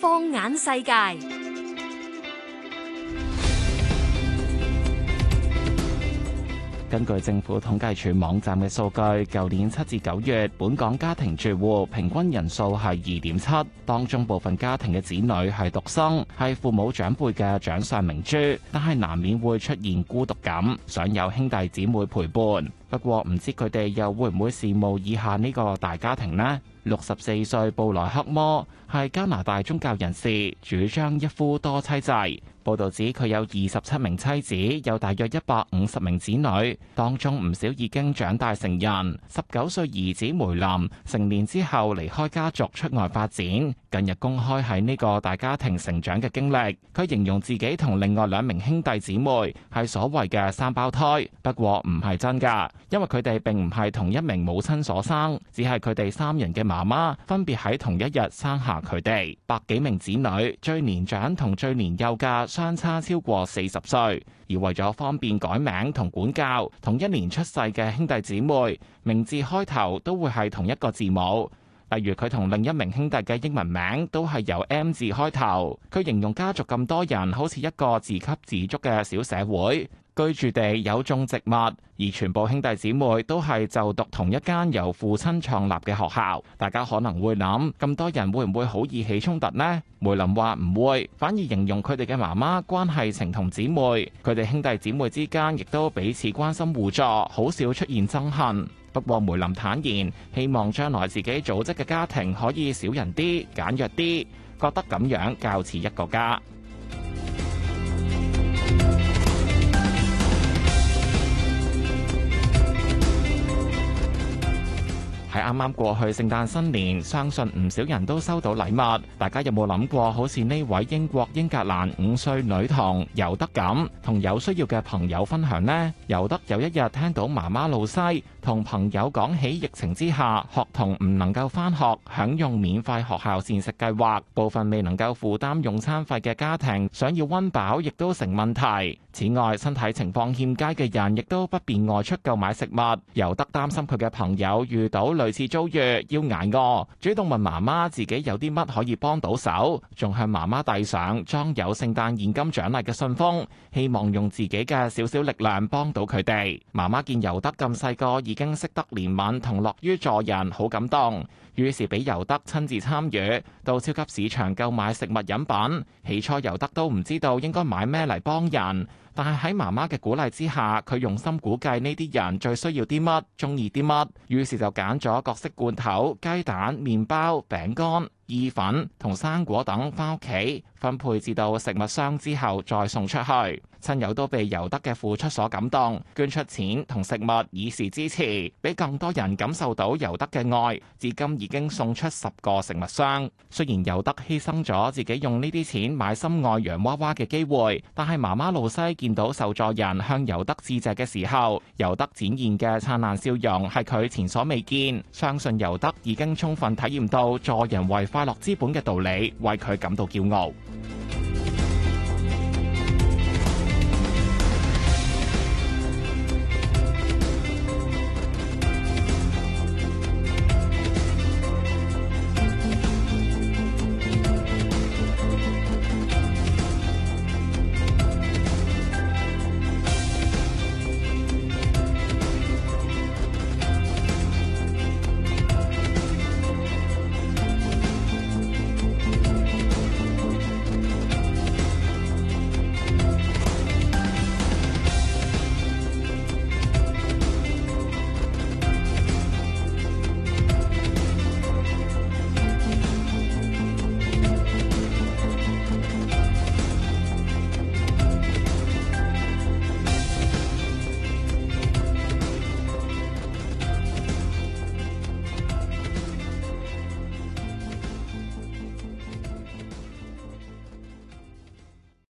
放眼世界，根據政府統計處網站嘅數據，舊年七至九月，本港家庭住戶平均人數係二點七，當中部分家庭嘅子女係獨生，係父母長輩嘅掌上明珠，但係難免會出現孤獨感，想有兄弟姊妹陪伴。不過唔知佢哋又會唔會羨慕以下呢個大家庭呢？六十四歲布萊克摩係加拿大宗教人士，主張一夫多妻制。報道指佢有二十七名妻子，有大約一百五十名子女，當中唔少已經長大成人。十九歲兒子梅林，成年之後離開家族出外發展。近日公開喺呢個大家庭成長嘅經歷，佢形容自己同另外兩名兄弟姊妹係所謂嘅三胞胎，不過唔係真㗎，因為佢哋並唔係同一名母親所生，只係佢哋三人嘅媽媽分別喺同一日生下佢哋。百幾名子女最年長同最年幼嘅相差超過四十歲，而為咗方便改名同管教，同一年出世嘅兄弟姊妹名字開頭都會係同一個字母。例如佢同另一名兄弟嘅英文名都係由 M 字開頭。佢形容家族咁多人好似一個自給自足嘅小社會，居住地有種植物，而全部兄弟姊妹都係就讀同一間由父親創立嘅學校。大家可能會諗，咁多人會唔會好易起衝突呢？梅林話唔會，反而形容佢哋嘅媽媽關係情同姊妹，佢哋兄弟姊妹之間亦都彼此關心互助，好少出現憎恨。不過梅林坦言，希望將來自己組織嘅家庭可以少人啲、簡約啲，覺得咁樣較似一個家。啱啱過去聖誕新年，相信唔少人都收到禮物。大家有冇諗過，好似呢位英國英格蘭五歲女童尤德咁，同有需要嘅朋友分享呢？尤德有一日聽到媽媽露西同朋友講起疫情之下，學童唔能夠翻學，享用免費學校膳食計劃，部分未能夠負擔用餐費嘅家庭想要温飽亦都成問題。此外，身體情況欠佳嘅人亦都不便外出購買食物。尤德擔心佢嘅朋友遇到類似遭遇要挨餓，呃，主動問媽媽自己有啲乜可以幫到手，仲向媽媽遞上裝有聖誕現金獎勵嘅信封，希望用自己嘅少少力量幫到佢哋。媽媽見尤德咁細個已經識得憐憫同樂於助人，好感動，於是俾尤德親自參與到超級市場購買食物飲品。起初尤德都唔知道應該買咩嚟幫人，但係喺媽媽嘅鼓勵之下，佢用心估計呢啲人最需要啲乜，中意啲乜，於是就揀咗。各式罐頭、雞蛋、麵包、餅乾、意粉同生果等翻屋企，分配至到食物箱之後再送出去。親友都被尤德嘅付出所感動，捐出錢同食物以示支持，俾更多人感受到尤德嘅愛，至今已經送出十個食物箱。雖然尤德犧牲咗自己用呢啲錢買心愛洋娃娃嘅機會，但係媽媽露西見到受助人向尤德致謝嘅時候，尤德展現嘅燦爛笑容係佢前所未見，相信尤德已經充分體驗到助人為快快樂資本嘅道理，為佢感到驕傲。